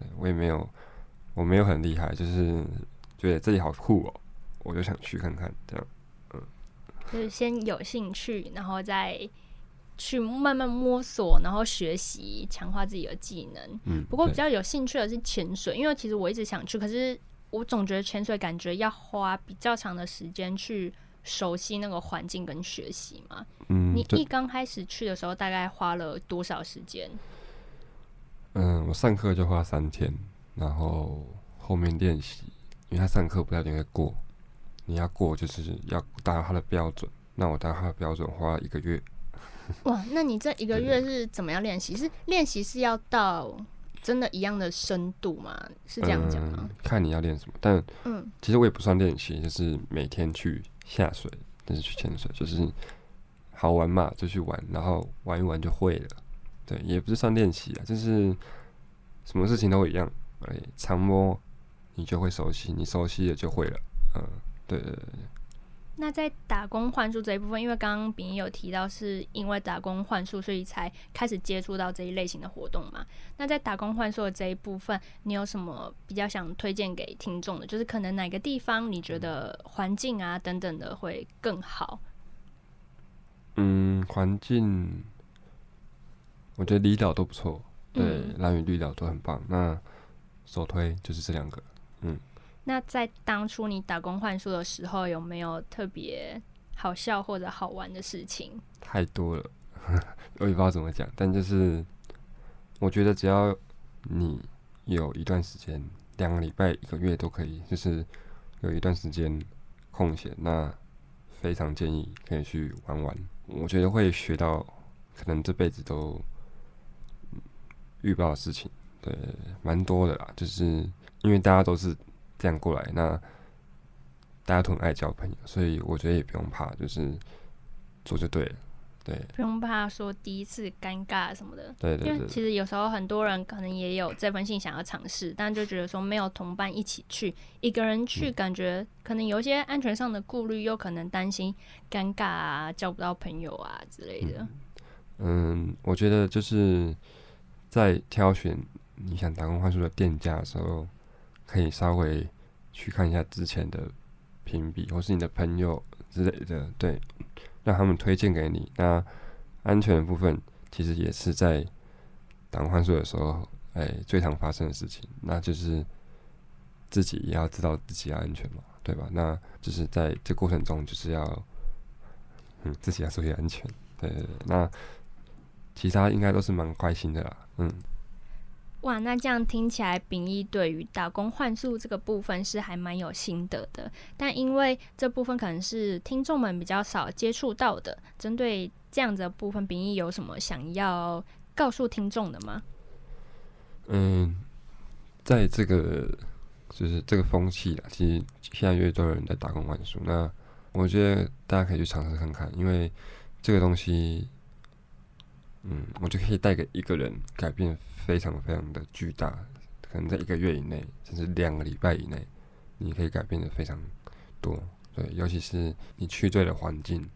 對我也沒有，我沒有很厲害，就是覺得這裡好酷哦，我就想去看看。這樣，嗯，就是先有興趣，然後再。去慢慢摸索，然後學習強化自己的技能。嗯，不過比較有興趣的是潛水，對因為其實我一直想去，可是我總覺得潛水感覺要花比較長的時間去熟悉那個環境跟學習嘛。嗯，你一剛開始去的時候，對大概花了多少時間？嗯，我上課就花三天，然後後面練習，因為他上課不太一定會過，你要過就是要達到他的標準。那我達到他的標準，花一個月。哇，那你這一個月是怎麼樣練習？嗯、是練習是要到真的一樣的深度嗎？是這樣講嗎？嗯？看你要練什麼，但嗯，其實我也不算練習，就是每天去下水，就是去潛水，就是好玩嘛，就去玩，然後玩一玩就會了。對，也不是算練習啊，就是什麼事情都一樣，哎、欸，常摸你就會熟悉，你熟悉了就會了。嗯，對、對、對。那在打工換宿這一部分，因為剛剛秉益有提到是因為打工換宿，所以才開始接觸到這一類型的活動嘛。那在打工換宿的這一部分，你有什麼比較想推薦給聽眾的？就是可能哪個地方你覺得環境啊等等的會更好？嗯，環境，我覺得離島都不錯，對，蘭嶼綠島都很棒。那首推就是這兩個。那在當初你打工換宿的時候，有沒有特別好笑或者好玩的事情？太多了呵呵，我也不知道怎麼講。但就是，我覺得只要你有一段時間，兩個禮拜、一個月都可以，就是有一段時間空閒，那非常建議可以去玩玩。我覺得會學到可能這輩子都遇、嗯、不到的事情，對，蠻多的啦。就是因為大家都是。這樣過來，那大家都很愛交朋友，所以我覺得也不用怕，就是做就對了，對。不用怕說第一次尷尬什麼的，對，對對。因為，其實有時候很多人可能也有這封信想要嘗試，但就覺得說沒有同伴一起去，一個人去感覺、嗯、可能有一些安全上的顧慮，又可能擔心尷尬啊，交不到朋友啊之類的嗯。嗯，我覺得就是在挑選你想打工換宿的店家的時候。可以稍微去看一下之前的評比，或是你的朋友之類的，對，讓他們推薦給你。那安全的部分其實也是在打工換宿的時候，哎、欸，最常發生的事情，那就是自己也要知道自己要安全嘛，對吧？那就是在這過程中，就是要嗯，自己要注意安全。對對，對，那其他應該都是蠻開心的啦，嗯。哇，那這樣聽起來，秉益對於打工換宿這個部分是還蠻有心得的。但因為這部分可能是聽眾們比較少接觸到的，針對這樣子的部分，秉益有什麼想要告訴聽眾的嗎？嗯，在這個就是這個風氣啊，其實現在越來越多人在打工換宿，那我覺得大家可以去嘗試看看，因為這個東西。嗯，我就可以帶給一個人改變非常非常的巨大，可能在一個月以內，甚至兩個禮拜以內，你可以改變的非常多。對，尤其是你去對的環境，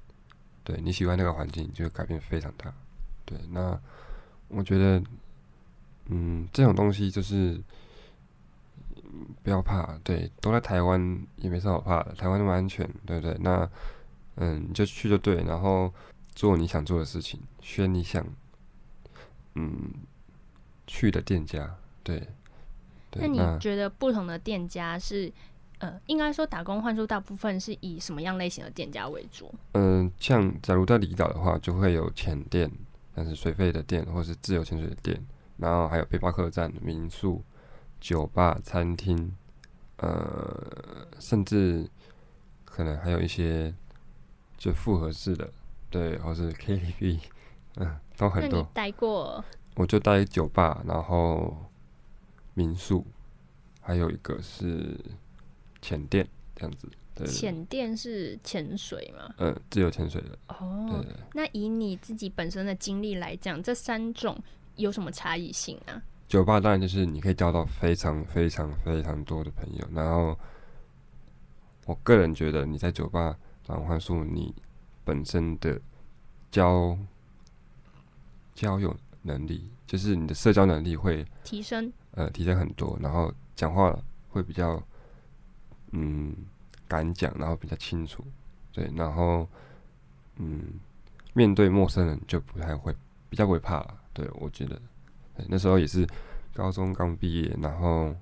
對你喜歡那個環境，就改變非常大。對，那我覺得，嗯，這種東西就是、嗯、不要怕，對，都在台灣也沒啥好怕的，台灣那麼安全，對不對？那嗯，你就去就對，然後。做你想做的事情，選你想嗯去的店家，對。對那你覺得不同的店家是，那呃，應該說打工換宿大部分是以什麼樣類型的店家為主？嗯、呃，像假如在離島的話，就會有潛店，但是水肺的店，或是自由潛水的店，然後還有背包客棧、民宿、酒吧、餐廳，呃，甚至可能還有一些就複合式的。對，或是 KTV，嗯，都很多。待過，我就待酒吧，然後民宿，還有一個是潛店這樣子。潛店是潛水嗎？嗯，自由潛水的。哦、oh, 對，那以你自己本身的經歷來講，這三種有什麼差異性啊？酒吧當然就是你可以交到非常非常非常多的朋友，然後我個人覺得你在酒吧轉換術，你。本身的交交友能力，就是你的社交能力會提升，呃，提升很多。然後講話會比較嗯敢講，然後比較清楚，對。然後嗯，面對陌生人就不太會，比較不會怕。對，我覺得對，那時候也是高中剛畢業，然後。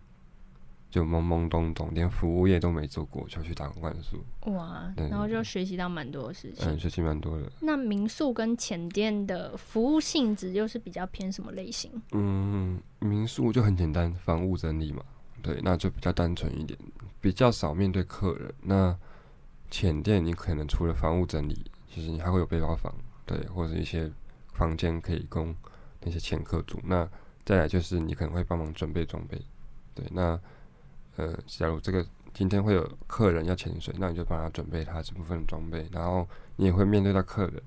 就懵懵懂懂，連服務業都沒做過，就去打工換宿。哇！是然後就學習到蠻多的事情。嗯，學習蠻多的。那民宿跟潛店的服務性質又是比較偏什麼類型？嗯，民宿就很簡單，房屋整理嘛。對，那就比較單純一點，比較少面對客人。那潛店你可能除了房屋整理，其實你還會有背包房，對，或者一些房間可以供那些潛客住。那再來就是你可能會幫忙準備裝備，對，那。呃，假如這個今天會有客人要潛水，那你就幫他準備他這部分的裝備，然後你也會面對到客人，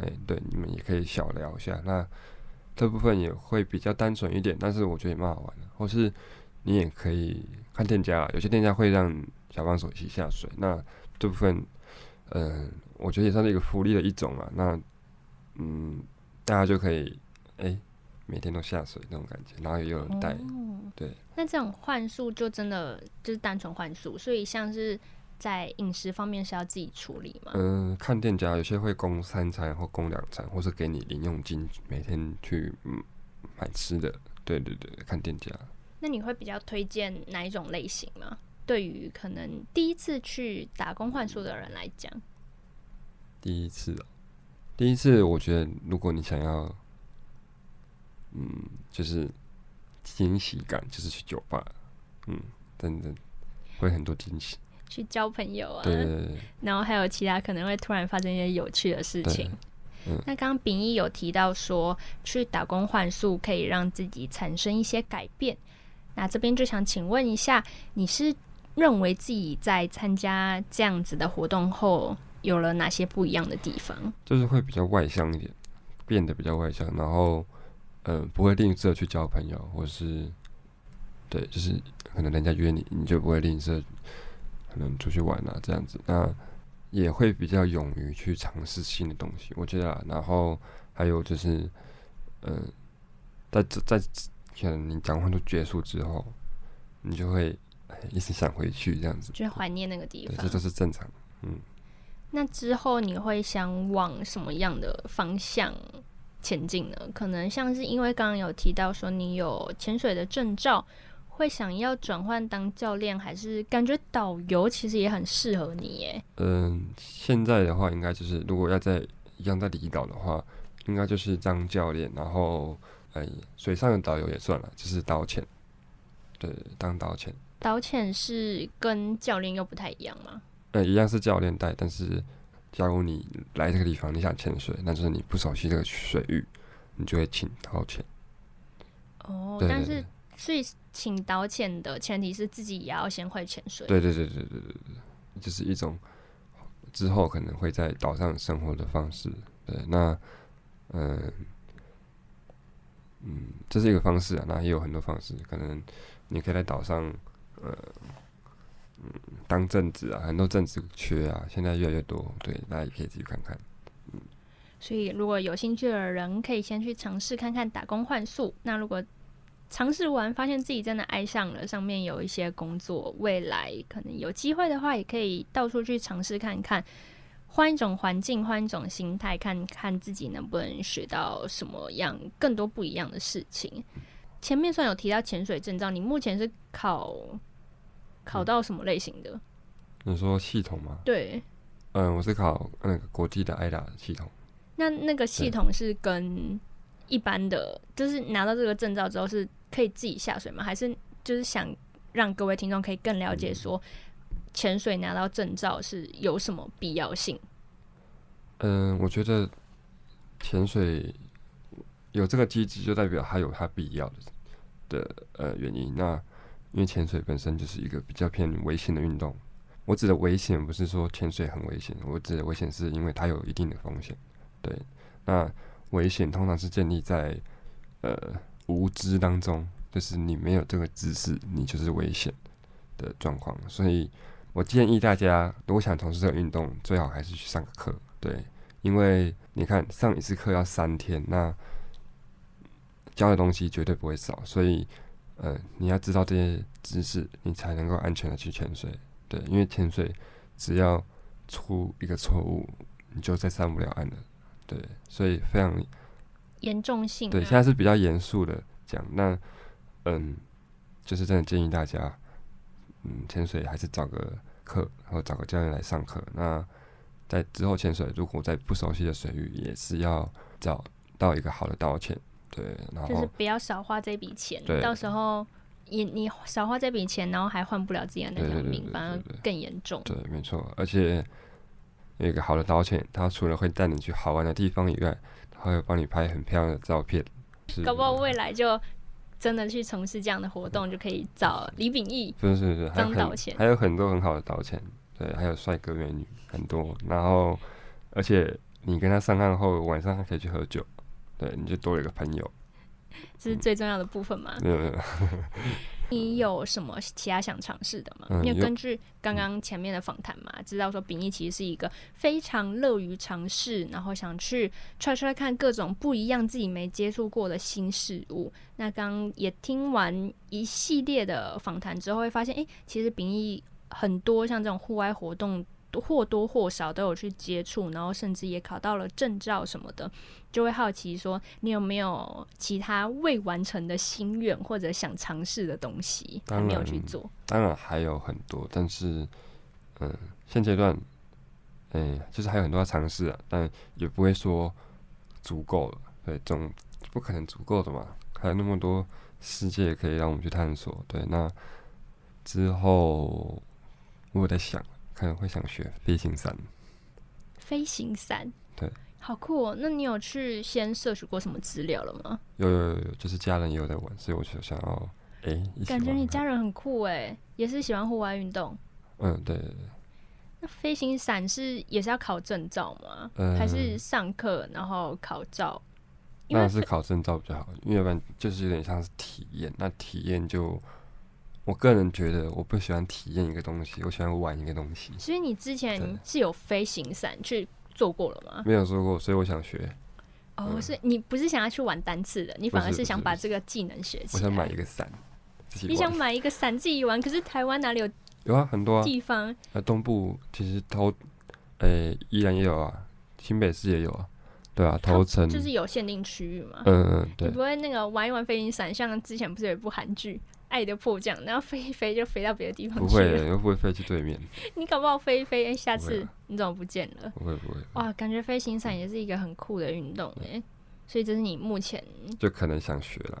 哎，對，你們也可以小聊一下。那這部分也會比較單純一點，但是我覺得也蠻好玩的。或是你也可以看店家，有些店家會讓小幫手去下水，那這部分，嗯、呃，我覺得也算是一個福利的一種嘛。那嗯，大家就可以，哎。每天都下水那種感覺，然後也有人帶，嗯、對。那這種換宿就真的就是單純換宿，所以像是在飲食方面是要自己處理嗎？嗯、呃，看店家，有些會供三餐，或供兩餐，或是給你零用金，每天去、嗯、買吃的。對對對，看店家。那你會比較推薦哪一種類型嗎？對於可能第一次去打工換宿的人來講、嗯，第一次、喔，第一次，我覺得如果你想要。嗯，就是驚喜感，就是去酒吧，嗯，真的會很多驚喜。去交朋友啊。對，對,對,對，然後還有其他可能會突然發生一些有趣的事情。嗯、那剛剛秉益有提到說，去打工換宿可以讓自己產生一些改變。那這邊就想請問一下，你是認為自己在參加這樣子的活動後，有了哪些不一樣的地方？就是會比較外向一點，變得比較外向，然後。嗯、呃，不會吝嗇去交朋友，或是，對，就是可能人家約你，你就不會吝嗇，可能出去玩啊這樣子。那也會比較勇於去嘗試新的東西，我覺得。然後還有就是，呃，在在可能你講話都結束之後，你就會一直想回去這樣子，就懷念那個地方，對這都是正常。嗯。那之後你會想往什麼樣的方向前進呢？可能像是因為剛剛有提到說你有潛水的證照，會想要轉換當教練，還是感覺導遊其實也很適合你耶？嗯、呃，現在的話，應該就是如果要在一樣在離島的話，應該就是當教練，然後呃，水上的導遊也算了，就是導潛，對，當導潛。導潛是跟教練又不太一樣嗎？呃，一樣是教練帶，但是。假如你來這個地方，你想潛水，那就是你不熟悉這個水域，你就會請導潛。哦，對對對對，但是所以請導潛的前提是自己也要先會潛水。對對對對對對對，就是一種之後可能會在島上生活的方式。對，那嗯、呃、嗯，這是一個方式啊，那也有很多方式，可能你可以在島上，呃。嗯，當正職啊，很多正職缺啊，現在越來越多，對，那也可以自己看看。嗯，所以如果有興趣的人，可以先去嘗試看看打工換宿。那如果嘗試完，發現自己真的愛上了，上面有一些工作，未來可能有機會的話，也可以到處去嘗試看看，換一種環境，換一種心態，看看自己能不能學到什麼樣更多不一樣的事情。前面算有提到潛水證照，你目前是考？考到什麼類型的？嗯、你說系統嗎？對，嗯，我是考那個國際的 AIDA 系統。那那個系統是跟一般的，對就是拿到這個證照之後是可以自己下水嗎？還是就是想讓各位聽眾可以更了解說，潛水拿到證照是有什麼必要性？嗯，我覺得潛水有這個機制，就代表它有它必要的的呃原因。那因為潛水本身就是一個比較偏危險的運動，我指的危險不是說潛水很危險，我指的危險是因為它有一定的風險。對，那危險通常是建立在呃無知當中，就是你沒有這個知識，你就是危險的狀況。所以我建議大家，如果想從事這個運動，最好還是去上個課。對，因為你看上一次課要三天，那教的東西絕對不會少，所以。嗯，你要知道這些知識，你才能夠安全的去潛水。對，因為潛水只要出一個錯誤，你就再上不了岸了。對，所以非常嚴重性、啊。對，現在是比較嚴肅的講。那嗯，就是真的建議大家，嗯，潛水還是找個課或找個教練來上課。那在之後潛水，如果在不熟悉的水域，也是要找到一個好的導潛。對，然後就是不要少花這筆錢，對到時候你你少花這筆錢，然後還換不了自己的那條命，反而更嚴重。對，沒錯，而且有一個好的導潛，他除了會帶你去好玩的地方以外，他會幫你拍很漂亮的照片。搞不好未來就真的去從事這樣的活動，嗯、就可以找李秉益，是是是張導潛，還有很多很好的導潛，對，還有帥哥美女很多。然後，而且你跟他上岸後，晚上還可以去喝酒。對，你就多了一個朋友，這是最重要的部分嘛？嗯、對對對 <laughs> 你有什麼其他想嘗試的嗎？嗯、因為根據剛剛前面的訪談嘛，嗯、知道說，秉益其實是一個非常樂於嘗試，嗯、然後想去 try try 看各種不一樣，自己沒接觸過的新事物。 <laughs> 那剛也聽完一系列的訪談之後，會發現，哎、欸，其實秉益很多像這種戶外活動，或多或少都有去接觸，然後甚至也考到了證照什麼的，就會好奇說你有沒有其他未完成的心願或者想嘗試的東西還沒有去做？當然還有很多，但是嗯，現階段嗯、欸，就是還有很多要嘗試啊，但也不會說足夠了，對，總不可能足夠的嘛，還有那麼多世界可以讓我們去探索。對，那之後我在想。嗯、會想學飛行傘，飛行傘對，好酷哦。那你有去先攝取過什麼資料了嗎？有有有有，就是家人也有在玩，所以我就想要誒，欸、感覺你家人很酷誒，也是喜歡戶外運動。嗯，對對對。那飛行傘是也是要考證照嗎？嗯、還是上課然後考照？那還是考證照比較好，因為要不然就是有點像是體驗。那體驗就。我個人覺得，我不喜歡體驗一個東西，我喜歡玩一個東西。所以你之前是有飛行傘去做過了嗎？沒有做過，所以我想學。哦，嗯、所以你不是想要去玩單次的，你反而是想把這個技能學起來。不是不是不是我想買一個傘自己玩，你想買一個傘自己玩，可是台灣哪裡有？有啊，很多、啊、地方。那、呃、東部其實頭，誒、欸，宜蘭也有啊，新北市也有啊，對啊，頭城就是有限定區域嘛。嗯嗯，對。你不會那個玩一玩飛行傘，像之前不是有一部韓劇？愛的迫降，然後飛一飛就飛到別的地方去。不會，又不會飛去對面。 <laughs> 你搞不好飛一飛，哎，下次你怎麼不見了？不會了，不會不會。哇，感覺飛行傘也是一個很酷的運動哎，嗯、所以這是你目前就可能想學了，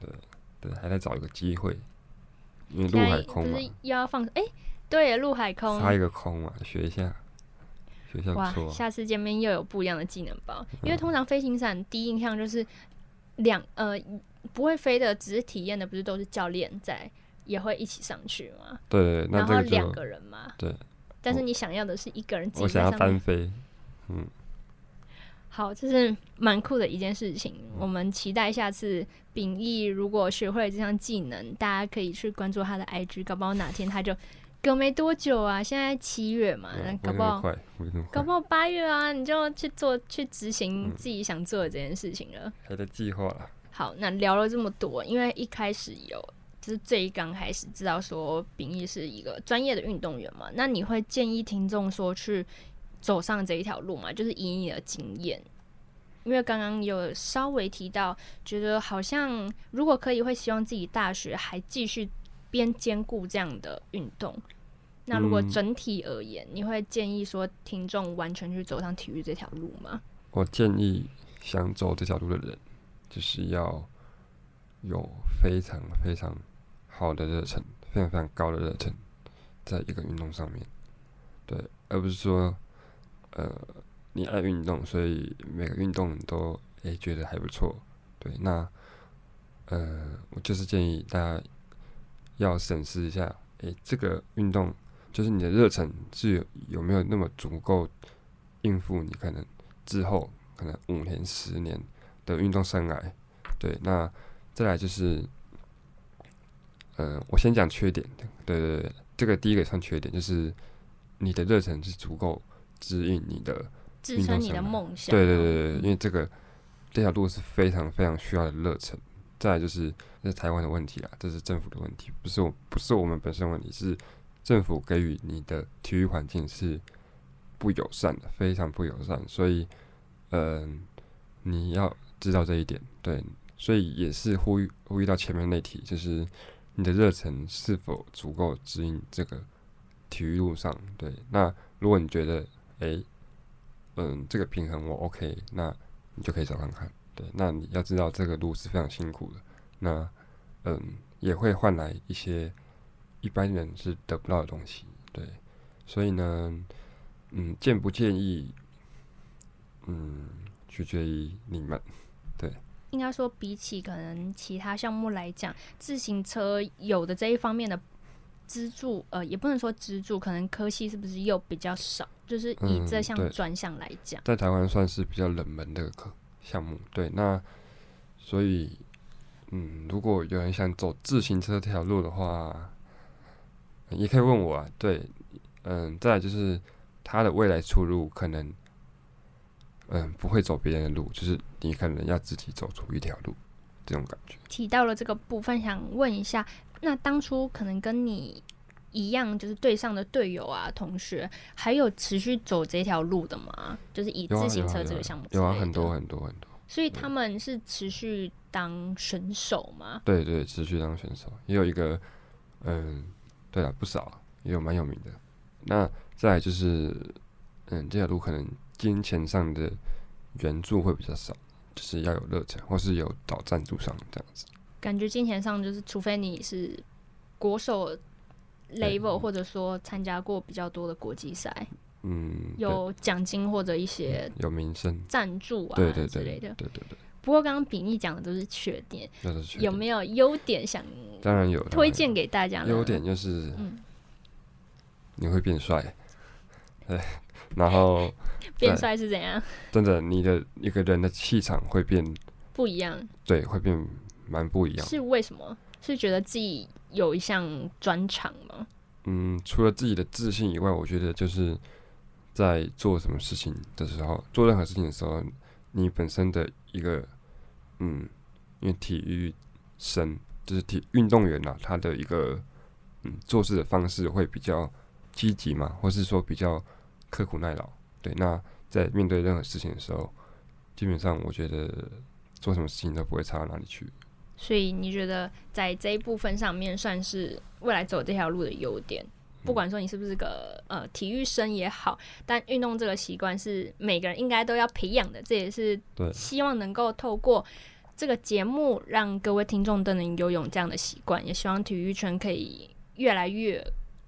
對對，還得找一個機會。因為陸海空嘛，是又要放哎、欸，對陸海空，差一個空嘛，啊，學一下，學一下不錯。哇，下次見面又有不一樣的技能包，嗯、因為通常飛行傘第一印象就是兩呃。不會飛的，只是體驗的，不是都是教練在，也會一起上去嗎？對，那然後兩個人嘛。對。但是你想要的是一個人自己上，我想要翻飛。嗯。好，這是蠻酷的一件事情。嗯、我們期待下次秉益。如果學會了這項技能，大家可以去關注他的 IG，搞不好哪天他就隔沒多久啊，現在七月嘛，嗯、那搞不好，搞不好八月啊，你就去做去執行自己想做的這件事情了。還在計劃啦。好，那聊了這麼多，因為一開始有就是這一剛開始知道說秉益是一個專業的運動員嘛，那你會建議聽眾說去走上這一條路嗎？就是以你的經驗，因為剛剛有稍微提到，覺得好像如果可以，會希望自己大學還繼續邊兼顧這樣的運動。那如果整體而言，嗯，你會建議說聽眾完全去走上體育這條路嗎？我建議想走這條路的人，就是要有非常非常好的熱忱，非常非常高的熱忱，在一個運動上面，對，而不是說，呃，你愛運動，所以每個運動你都、欸、覺得還不錯，對，那，呃，我就是建議大家要審視一下，哎、欸，這個運動就是你的熱忱是有、有沒有那麼足夠應付你可能之後可能五年、年、十年，的運動生涯，對，那再來就是，嗯、呃，我先講缺點，對對對，這個第一個也算缺點，就是你的熱忱是足夠指引你的運動生涯，支撐你的夢想，對對對對，嗯、因為這個這條路是非常非常需要的熱忱。再來就是，這是台灣的問題啦，這是政府的問題，不是我不是我們本身問題，是政府給予你的體育環境是不友善的，非常不友善，所以，嗯、呃，你要知道這一點，對，所以也是呼籲呼籲到前面那題，就是你的熱忱是否足夠指引這個體育路上？對，那如果你覺得，哎，嗯，這個平衡我 OK，那你就可以走看看。對，那你要知道，這個路是非常辛苦的。那，嗯，也會換來一些一般人是得不到的東西。對，所以呢，嗯，建不建議，嗯，取決於你們。應該說，比起可能其他項目來講，自行車有的這一方面的資助，呃，也不能說資助，可能科系是不是又比較少？就是以這項專項來講，嗯，在台灣算是比較冷門的項目。對，那所以，嗯，如果有人想走自行車這條路的話，也可以問我啊。對，嗯，再來就是它的未來出路可能。嗯，不會走別人的路，就是你可能要自己走出一條路，這種感覺。提到了這個部分，想問一下，那當初可能跟你一樣就是對上的隊友啊、同學，還有持續走這條路的嗎？就是以自行車這個項目的。有啊，有啊，有啊有啊，很多很多很多。所以他們是持續當選手嗎？對，對對，持續當選手也有一個，嗯，對啊，不少也有蠻有名的。那再來就是，嗯，這條路可能。金錢上的援助會比較少，就是要有熱忱或是有找贊助商這樣子。感覺金錢上就是，除非你是國手 level，嗯、或者說參加過比較多的國際賽，嗯，有獎金或者一些有名聲贊助啊，嗯、助啊對對對之類的，對對對。不過剛剛秉益講的都是缺點，缺點有沒有優點想？當然有，推薦給大家。優點就是，你會變帥，嗯對 <laughs> 然後在變帥是怎樣？真的，你的一個人的氣場會變不一樣。對，會變蠻不一樣。是為什麼？是覺得自己有一項專長嗎？嗯，除了自己的自信以外，我覺得就是在做什麼事情的時候，做任何事情的時候，你本身的一個嗯，因為體育生就是體運動員吶、啊，他的一個嗯做事的方式會比較積極嘛，或是說比較。刻苦耐勞，對，那在面對任何事情的時候，基本上我覺得做什麼事情都不會差到哪裡去。所以你覺得在這一部分上面算是未來走這條路的優點？不管說你是不是個呃體育生也好，但運動這個習慣是每個人應該都要培養的。這也是對，希望能夠透過這個節目讓各位聽眾都能擁有這樣的習慣，也希望體育圈可以越來越。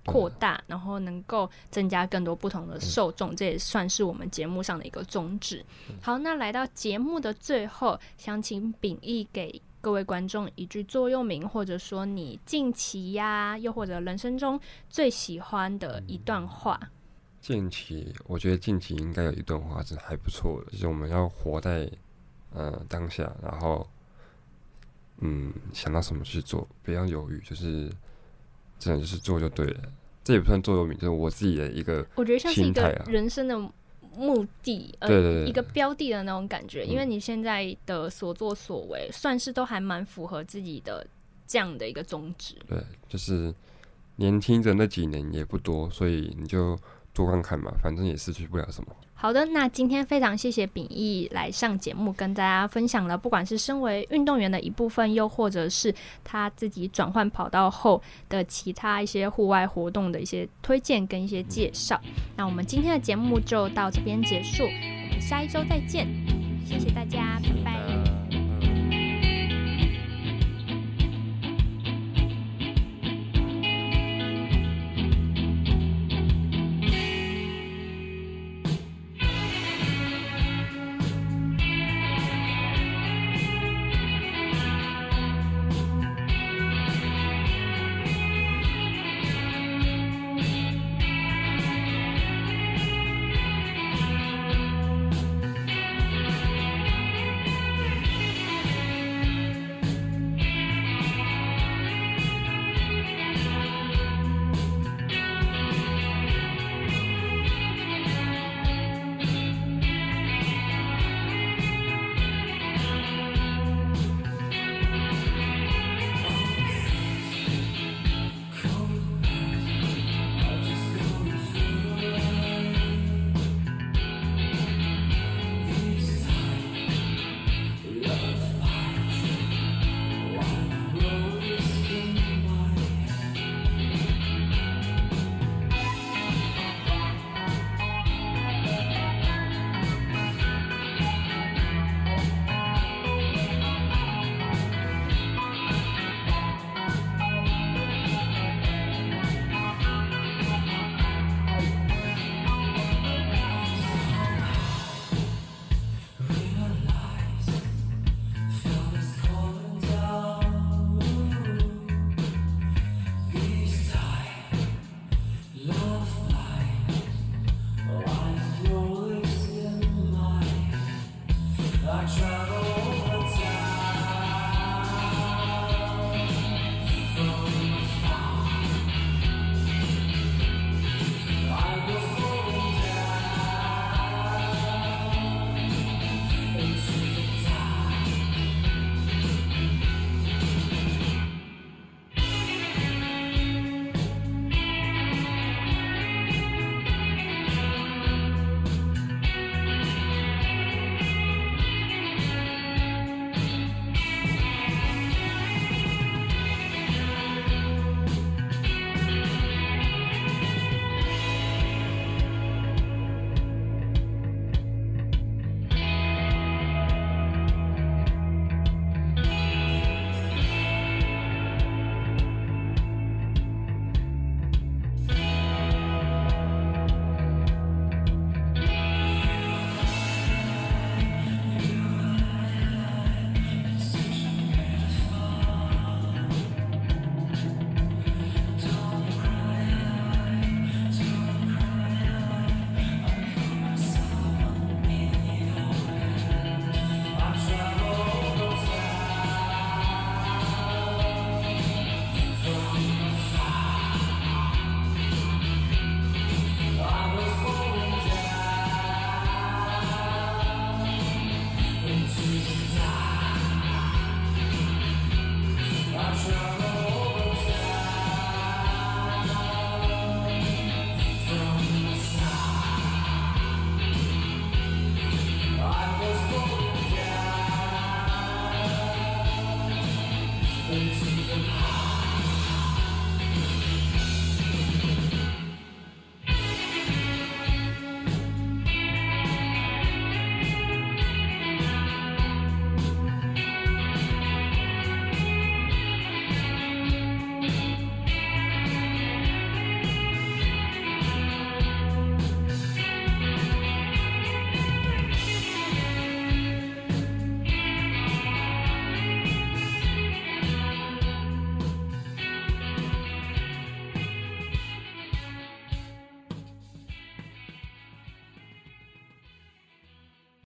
擴、嗯、大，然後能夠增加更多不同的受眾，嗯、這也算是我們節目上的一個宗旨。好，那來到節目的最後，想請秉益給各位觀眾一句座右銘，或者說你近期呀、啊，又或者人生中最喜歡的一段話。嗯、近期，我覺得近期應該有一段話是還不錯的，就是我們要活在、呃、當下，然後嗯想到什麼去做，不要猶豫，就是。樣就是做就對了，這也不算座右銘，就是我自己的一個、啊，我覺得像是一個人生的目的，呃、對，對，對，對一個標的的那種感覺。因為你現在的所作所為，嗯、算是都還蠻符合自己的這樣的一個宗旨。對，就是年輕的那幾年也不多，所以你就多看看嘛，反正也失去不了什麼。好的，那今天非常謝謝秉益來上節目跟大家分享了，不管是身為運動員的一部分，又或者是他自己轉換跑道後的其他一些戶外活動的一些推薦跟一些介紹。那我們今天的節目就到這邊結束，我們下一周再見，謝謝大家，拜拜。